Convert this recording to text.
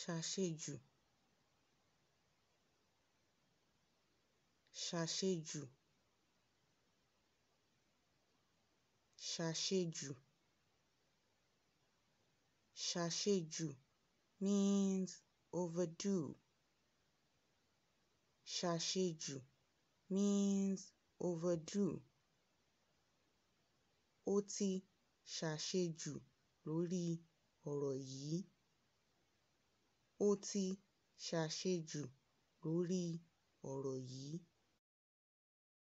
ṣàṣejù ṣàṣejù ṣàṣejù ṣàṣejù means overdue. ṣàṣejù means overdue. ó ti ṣàṣejù lórí ọ̀rọ̀ yìí ó ti ṣàṣejù lórí ọ̀rọ̀ yìí